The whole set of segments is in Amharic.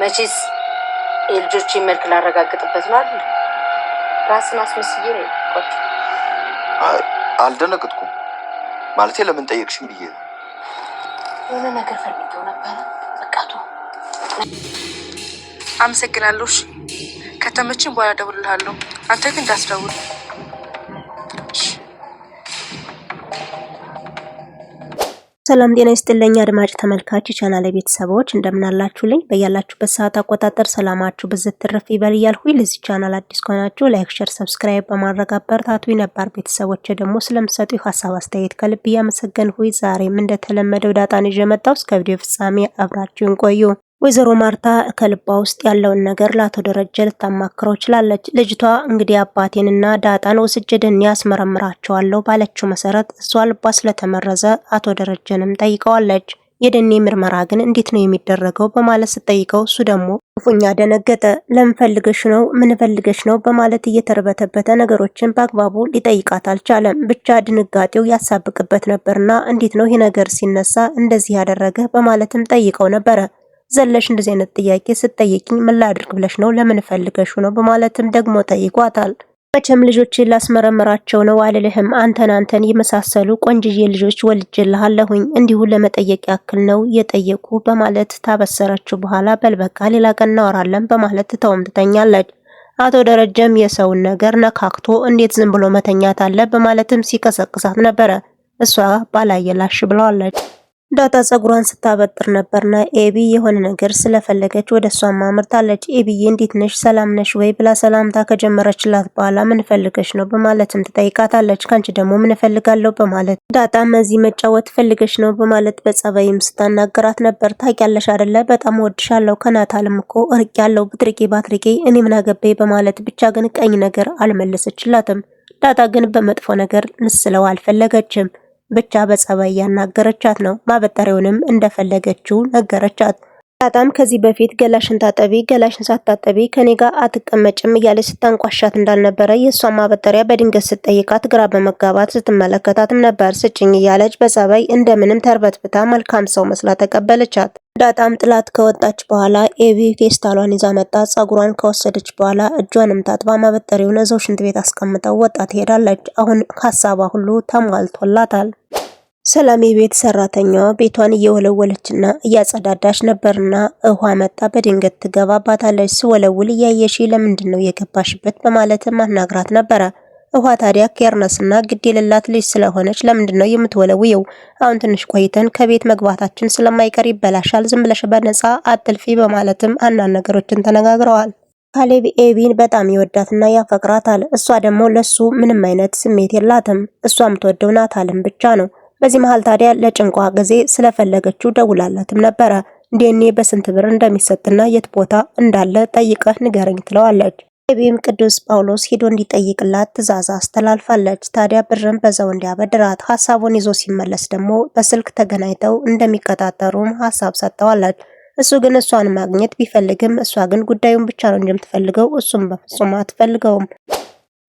መቼስ የልጆችን መልክ ላረጋግጥበት ነው አይደል? ራስን አስመስዬ ነው የቆች። አልደነግጥኩም ማለት ለምን ጠየቅሽም ብዬ ነው። የሆነ ነገር ፈልጌው ነበረ። በቃቱ አመሰግናለሁ። ከተመችን በኋላ ደውልልሃለሁ። አንተ ግን እንዳስደውል ሰላም ጤና ይስጥልኝ አድማጭ ተመልካች ቻናል ቤተሰቦች እንደምናላችሁልኝ በያላችሁበት ሰዓት አቆጣጠር ሰላማችሁ ብዝት ትርፍ ይበል እያልኩኝ ለዚህ ቻናል አዲስ ከሆናችሁ ላይክ፣ ሸር፣ ሰብስክራይብ በማድረግ አበረታቱ። ነባር ቤተሰቦች ደግሞ ስለምሰጡ ሀሳብ አስተያየት ከልብ እያመሰገንኩኝ ዛሬም እንደተለመደው ዳጣን ይዤ መጣሁ። እስከ ቪዲዮ ፍጻሜ አብራችሁን ቆዩ። ወይዘሮ ማርታ ከልቧ ውስጥ ያለውን ነገር ለአቶ ደረጀ ልታማክረው ችላለች። ልጅቷ እንግዲህ አባቴንና ዳጣን ወስጄ ደኔ ያስመረምራቸዋለሁ ባለችው መሰረት እሷ ልቧ ስለተመረዘ አቶ ደረጀንም ጠይቀዋለች። የደኔ ምርመራ ግን እንዴት ነው የሚደረገው በማለት ስጠይቀው እሱ ደግሞ ክፉኛ ደነገጠ። ለምፈልገሽ ነው ምንፈልገሽ ነው በማለት እየተርበተበተ ነገሮችን በአግባቡ ሊጠይቃት አልቻለም። ብቻ ድንጋጤው ያሳብቅበት ነበርና እንዴት ነው ይህ ነገር ሲነሳ እንደዚህ ያደረገ በማለትም ጠይቀው ነበረ። ዘለሽ እንደዚህ አይነት ጥያቄ ስትጠይቅኝ ምን ላድርግ ብለሽ ነው? ለምን ፈልገሽ ነው? በማለትም ደግሞ ጠይቋታል። መቼም ልጆች ላስመረምራቸው ነው አልልህም። አንተን አንተን የመሳሰሉ ቆንጅዬ ልጆች ወልጄልሃለሁኝ እንዲሁ ለመጠየቅ ያክል ነው የጠየቁ በማለት ታበሰረችው። በኋላ በልበቃ ሌላ ቀን እናወራለን በማለት ትተውም ትተኛለች። አቶ ደረጀም የሰውን ነገር ነካክቶ እንዴት ዝም ብሎ መተኛት አለ በማለትም ሲቀሰቅሳት ነበረ። እሷ ባላየላሽ ብለዋለች። ዳጣ ፀጉሯን ስታበጥር ነበርና ኤቢ የሆነ ነገር ስለፈለገች ወደ እሷ አምርታለች። ኤቢዬ እንዴት ነሽ ሰላም ነሽ ወይ ብላ ሰላምታ ከጀመረችላት በኋላ ምን ፈልገሽ ነው በማለትም ትጠይቃታለች። ካንቺ ደግሞ ምን እፈልጋለሁ በማለት ዳጣም እዚህ መጫወት ፈልገሽ ነው በማለት በጸባይም ስታናገራት ነበር። ታውቂያለሽ አደለ በጣም ወድሻለሁ፣ ከናታልም እኮ እርቄያለሁ፣ ብትርቄ ባትርቄ እኔ ምን አገባኝ በማለት ብቻ ግን ቀኝ ነገር አልመለሰችላትም። ዳጣ ግን በመጥፎ ነገር ንስለው አልፈለገችም። ብቻ በጸባይ እያናገረቻት ነው። ማበጠሪያውንም እንደፈለገችው ነገረቻት። ዳጣም ከዚህ በፊት ገላሽን ታጠቢ፣ ገላሽን ሳታጠቢ ከኔ ጋር አትቀመጭም እያለች ስታንቋሻት እንዳልነበረ የእሷ ማበጠሪያ በድንገት ስትጠይቃት ግራ በመጋባት ስትመለከታትም ነበር። ስጭኝ እያለች በጸባይ እንደምንም ተርበትብታ መልካም ሰው መስላ ተቀበለቻት። ዳጣም ጥላት ከወጣች በኋላ ኤቢ ፌስታሏን ይዛ መጣ። ጸጉሯን ከወሰደች በኋላ እጇንም ታጥባ ማበጠሪውን እዛው ሽንት ቤት አስቀምጠው ወጣ ትሄዳለች። አሁን ሀሳቧ ሁሉ ተሟልቶላታል። ሰላም የቤት ሰራተኛዋ ቤቷን እየወለወለችና እያጸዳዳች ነበርና ውሃ መጣ። በድንገት ትገባባታለች። ስወለውል እያየሽ ለምንድን ነው የገባሽበት? በማለትም አናግራት ነበረ ውሃ ታዲያ ኬርነስና ግድ የሌላት ልጅ ስለሆነች ለምንድን ነው የምትወለውየው? አሁን ትንሽ ቆይተን ከቤት መግባታችን ስለማይቀር ይበላሻል፣ ዝም ብለሽ በነፃ አትልፊ በማለትም አንዳንድ ነገሮችን ተነጋግረዋል። ካሌብ ኤቢን በጣም ይወዳትና ያፈቅራታል። እሷ ደግሞ ለሱ ምንም አይነት ስሜት የላትም። እሷ የምትወደው ናታልን ብቻ ነው። በዚህ መሃል ታዲያ ለጭንቋ ጊዜ ስለፈለገችው ደውላለትም ነበረ። እንዴኔ በስንት ብር እንደሚሰጥና የት ቦታ እንዳለ ጠይቀህ ንገረኝ ትለዋለች። ቤም ቅዱስ ጳውሎስ ሄዶ እንዲጠይቅላት ትዕዛዝ አስተላልፋለች። ታዲያ ብርን በዛው እንዲያበድራት ሀሳቡን ይዞ ሲመለስ ደግሞ በስልክ ተገናኝተው እንደሚቀጣጠሩም ሀሳብ ሰጥተዋለች። እሱ ግን እሷን ማግኘት ቢፈልግም እሷ ግን ጉዳዩን ብቻ ነው እንደምትፈልገው እሱም በፍጹም አትፈልገውም።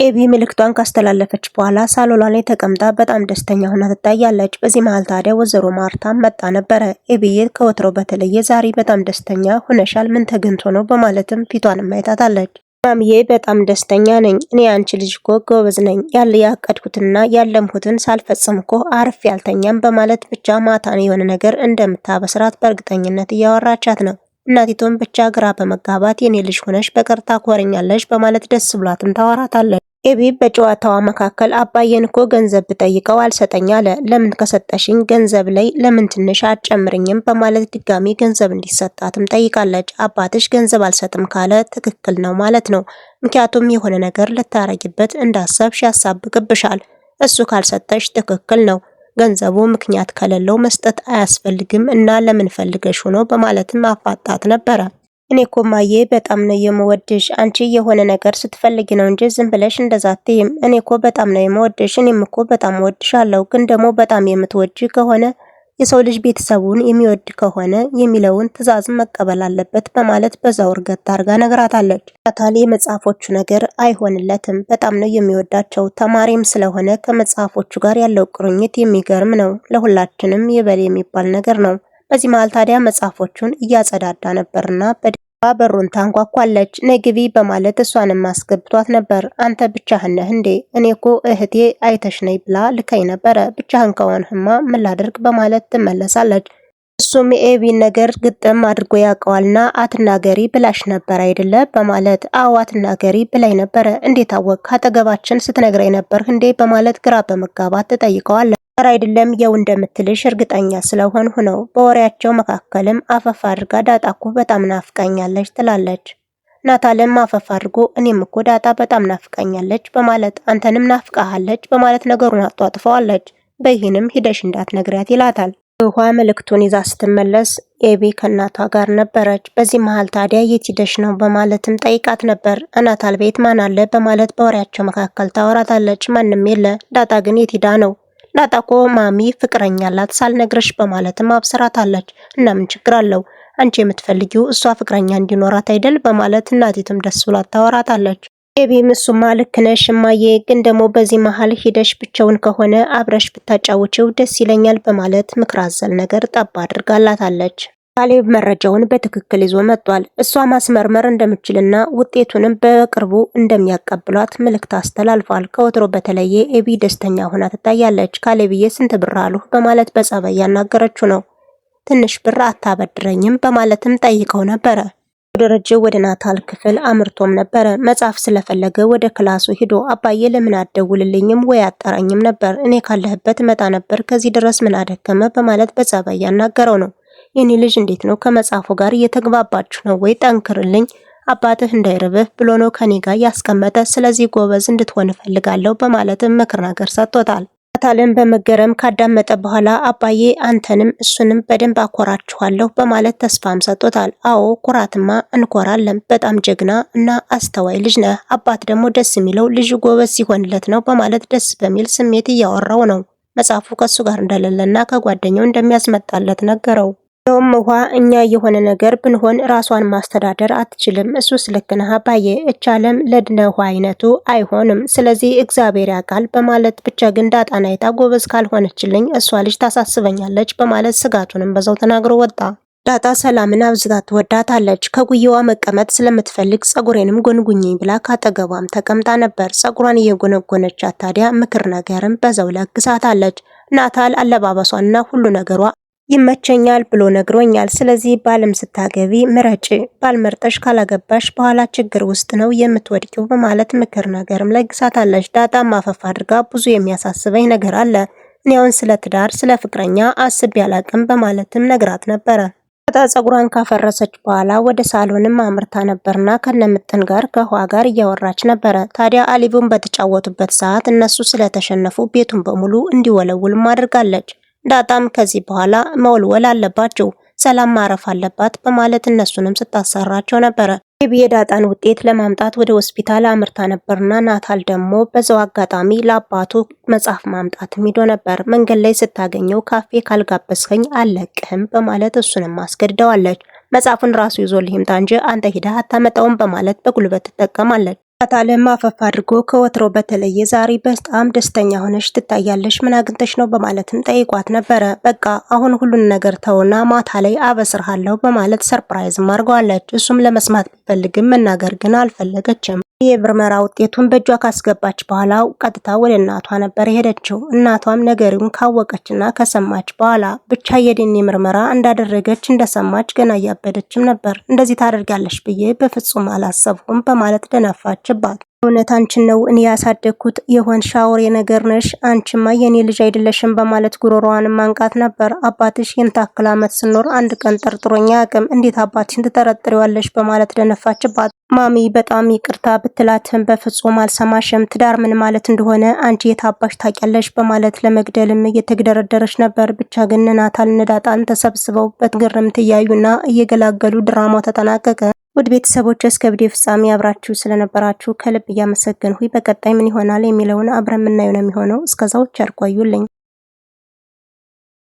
ኤቢ ምልክቷን ካስተላለፈች በኋላ ሳሎላ ላይ ተቀምጣ በጣም ደስተኛ ሆና ትታያለች። በዚህ መሀል ታዲያ ወይዘሮ ማርታ መጣ ነበረ። ኤቢዬ ከወትሮ በተለየ ዛሬ በጣም ደስተኛ ሆነሻል፣ ምን ተገኝቶ ነው በማለትም ፊቷን አይታታለች። ማምዬ በጣም ደስተኛ ነኝ። እኔ አንቺ ልጅ እኮ ጎበዝ ነኝ ያለ ያቀድኩትና ያለምኩትን ሳልፈጽም እኮ አርፍ ያልተኛም በማለት ብቻ ማታን የሆነ ነገር እንደምታበስራት በእርግጠኝነት እያወራቻት ነው። እናቲቱም ብቻ ግራ በመጋባት የኔ ልጅ ሆነሽ በቀርታ ኮረኛለሽ በማለት ደስ ብሏትም ታወራታለች። ኤቢ በጨዋታዋ መካከል አባዬን እኮ ገንዘብ ብጠይቀው አልሰጠኝ አለ። ለምን ከሰጠሽኝ ገንዘብ ላይ ለምን ትንሽ አትጨምርኝም? በማለት ድጋሚ ገንዘብ እንዲሰጣትም ጠይቃለች። አባትሽ ገንዘብ አልሰጥም ካለ ትክክል ነው ማለት ነው። ምክንያቱም የሆነ ነገር ልታረጊበት እንዳሰብሽ ያሳብቅብሻል። እሱ ካልሰጠሽ ትክክል ነው። ገንዘቡ ምክንያት ከሌለው መስጠት አያስፈልግም እና ለምን ፈልገሽ ሆኖ በማለትም አፋጣት ነበረ። እኔ እኮ እማዬ በጣም ነው የምወድሽ። አንቺ የሆነ ነገር ስትፈልጊ ነው እንጂ ዝም ብለሽ እንደዛ አትይም። እኔ እኮ በጣም ነው የምወድሽ። እኔም እኮ በጣም ወድሻለሁ። ግን ደግሞ በጣም የምትወጂ ከሆነ የሰው ልጅ ቤተሰቡን የሚወድ ከሆነ የሚለውን ትዕዛዝ መቀበል አለበት በማለት በዛው እርገት አርጋ ነግራታለች። ናታል የመጽሐፎቹ ነገር አይሆንለትም። በጣም ነው የሚወዳቸው። ተማሪም ስለሆነ ከመጽሐፎቹ ጋር ያለው ቁርኝት የሚገርም ነው። ለሁላችንም ይበል የሚባል ነገር ነው። በዚህ መሃል ታዲያ መጽሐፎቹን እያጸዳዳ ነበርና በደባ በሩን ታንኳኳለች። ነይ ግቢ በማለት እሷንም አስገብቷት ነበር። አንተ ብቻህን ነህ እንዴ? እኔ እኮ እህቴ አይተሽ ነይ ብላ ልካኝ ነበረ። ብቻህን ከሆንህማ ምን በማለት ትመለሳለች። እሱም የኤቢን ነገር ግጥም አድርጎ ያውቀዋልና አትናገሪ ብላሽ ነበር አይደለ? በማለት አዎ አትናገሪ ብላይ ነበረ። እንዴት አወቅ? አጠገባችን ስትነግረኝ ነበር እንዴ? በማለት ግራ በመጋባት ትጠይቀዋለች። እረ አይደለም የው እንደምትልሽ እርግጠኛ ስለሆንሁ ነው። በወሬያቸው መካከልም አፈፋ አድርጋ ዳጣ እኮ በጣም ናፍቀኛለች ትላለች። ናታልም አፈፋ አድርጎ እኔም እኮ ዳጣ በጣም ናፍቀኛለች በማለት አንተንም ናፍቀሃለች በማለት ነገሩን አጧጥፈዋለች። በይህንም ሂደሽ እንዳት ነግሪያት ይላታል። ውሃ መልእክቱን ይዛ ስትመለስ ኤቢ ከእናቷ ጋር ነበረች። በዚህ መሀል ታዲያ የት ሂደሽ ነው በማለትም ጠይቃት ነበር። እናታል ቤት ማን አለ በማለት በወሬያቸው መካከል ታወራታለች። ማንም የለ። ዳጣ ግን የት ሂዳ ነው ላጣኮ ማሚ ፍቅረኛ አላት ሳልነግረሽ በማለትም አለች። እና ምን ችግር አለው አንቺ የምትፈልጊው እሷ ፍቅረኛ እንዲኖራት አይደል? በማለት እናቲቱም ደስ ብሏት ታወራታለች። ኤቢም እሱማ ልክ ነሽ እማዬ፣ ግን ደግሞ በዚህ መሀል ሂደሽ ብቻውን ከሆነ አብረሽ ብታጫውችው ደስ ይለኛል በማለት ምክር አዘል ነገር ጠብ አድርጋላታለች። ካሌብ መረጃውን በትክክል ይዞ መጥቷል። እሷ ማስመርመር እንደምችልና ውጤቱንም በቅርቡ እንደሚያቀብሏት መልእክት አስተላልፏል። ከወትሮ በተለየ ኤቢ ደስተኛ ሆና ትታያለች። ካሌብዬ ስንት ብር አሉህ በማለት በጸባይ ያናገረችው ነው። ትንሽ ብር አታበድረኝም በማለትም ጠይቀው ነበረ። ደረጀ ወደ ናታል ክፍል አምርቶም ነበረ። መጽሐፍ ስለፈለገ ወደ ክላሱ ሂዶ አባዬ ለምን አደውልልኝም ወይ አጠራኝም ነበር? እኔ ካለህበት መጣ ነበር። ከዚህ ድረስ ምን አደከመ በማለት በጸባይ ያናገረው ነው። የኔ ልጅ እንዴት ነው ከመጽሐፉ ጋር እየተግባባችሁ ነው ወይ? ጠንክርልኝ አባትህ እንዳይርብህ ብሎ ነው ከኔ ጋር ያስቀመጠ። ስለዚህ ጎበዝ እንድትሆን እፈልጋለሁ በማለትም ምክር ነገር ሰጥቶታል። አታልን በመገረም ካዳመጠ በኋላ አባዬ አንተንም እሱንም በደንብ አኮራችኋለሁ በማለት ተስፋም ሰጥቶታል። አዎ ኩራትማ እንኮራለን፣ በጣም ጀግና እና አስተዋይ ልጅ ነህ። አባት ደግሞ ደስ የሚለው ልጅ ጎበዝ ሲሆንለት ነው በማለት ደስ በሚል ስሜት እያወራው ነው። መጽሐፉ ከእሱ ጋር እንደሌለና ከጓደኛው እንደሚያስመጣለት ነገረው። ይኸውም ውሃ እኛ የሆነ ነገር ብንሆን ራሷን ማስተዳደር አትችልም። እሱስ ልክ ነህ አባዬ፣ እቻለም ለድነ ውሃ አይነቱ አይሆንም። ስለዚህ እግዚአብሔር ያውቃል በማለት ብቻ ግን ዳጣን አይታ ጎበዝ ካልሆነችልኝ እሷ ልጅ ታሳስበኛለች በማለት ስጋቱንም በዛው ተናግሮ ወጣ። ዳጣ ሰላምን አብዝታ ትወዳታለች። ከጉያዋ መቀመጥ ስለምትፈልግ ጸጉሬንም ጎንጉኝ ብላ ካጠገቧም ተቀምጣ ነበር። ጸጉሯን እየጎነጎነቻት ታዲያ ምክር ነገርም በዛው ለግሳታለች። ናታል አለባበሷና ሁሉ ነገሯ ይመቸኛል ብሎ ነግሮኛል። ስለዚህ ባልም ስታገቢ ምረጭ፣ ባልመርጠሽ ካላገባሽ በኋላ ችግር ውስጥ ነው የምትወድቂው በማለት ምክር ነገርም ለግሳታለች። ዳጣም አፈፍ አድርጋ ብዙ የሚያሳስበኝ ነገር አለ እኔውን ስለ ትዳር ስለ ፍቅረኛ አስቤ አላቅም በማለትም ነግራት ነበረ። ዳጣ ጸጉሯን ካፈረሰች በኋላ ወደ ሳሎንም አምርታ ነበርና ከነምጥን ጋር ከውሃ ጋር እያወራች ነበረ። ታዲያ አሊቡን በተጫወቱበት ሰዓት እነሱ ስለተሸነፉ ቤቱን በሙሉ እንዲወለውልም አድርጋለች። ዳጣም ከዚህ በኋላ መወልወል አለባችሁ፣ ሰላም ማረፍ አለባት በማለት እነሱንም ስታሰራቸው ነበረ። ቤቢ የዳጣን ውጤት ለማምጣት ወደ ሆስፒታል አምርታ ነበርና ናታል ደግሞ በዛው አጋጣሚ ለአባቱ መጽሐፍ ማምጣት ሂዶ ነበር። መንገድ ላይ ስታገኘው ካፌ ካልጋበዝከኝ አለቅህም በማለት እሱንም አስገድደዋለች። መጽሐፉን ራሱ ይዞልህ ይምጣ እንጂ አንተ ሂደህ አታመጣውም በማለት በጉልበት ትጠቀማለች። አታለም አፈፍ አድርጎ ከወትሮ በተለየ ዛሬ በጣም ደስተኛ ሆነሽ ትታያለሽ፣ ምን አግኝተሽ ነው በማለትም ጠይቋት ነበረ። በቃ አሁን ሁሉን ነገር ተውና ማታ ላይ አበስርሃለሁ በማለት ሰርፕራይዝም አድርገዋለች። እሱም ለመስማት ቢፈልግም መናገር ግን አልፈለገችም። የምርመራ ውጤቱን በእጇ ካስገባች በኋላ ቀጥታ ወደ እናቷ ነበር የሄደችው። እናቷም ነገሩን ካወቀችና ከሰማች በኋላ ብቻ የዲኤንኤ ምርመራ እንዳደረገች እንደሰማች ገና እያበደችም ነበር። እንደዚህ ታደርጋለች ብዬ በፍጹም አላሰብኩም በማለት ደነፋችባት። እውነት አንቺን ነው እኔ ያሳደግኩት የሆን ሻወር ነገር ነሽ፣ አንቺማ የኔ ልጅ አይደለሽም በማለት ጉሮሮዋን ማንቃት ነበር። አባትሽ ይህን ታክል ስኖር አንድ ቀን ጠርጥሮኛ አቅም እንዴት አባትሽን ትጠረጥሪዋለሽ? በማለት ደነፋችባት። ማሚ በጣም ይቅርታ ብትላትም በፍጹም አልሰማሽም፣ ትዳር ምን ማለት እንደሆነ አንቺ የታባሽ ታውቂያለሽ? በማለት ለመግደልም እየተግደረደረች ነበር። ብቻ ግን ናታል ንዳጣን ተሰብስበው በግርምት እያዩና እየገላገሉ ድራማው ተጠናቀቀ። ውድ ቤተሰቦች እስከ ቪዲዮ ፍጻሜ አብራችሁ ስለነበራችሁ ከልብ እያመሰገንሁ በቀጣይ ምን ይሆናል የሚለውን አብረን የምናየው ነው የሚሆነው። እስከዛው ቸር ቆዩልኝ።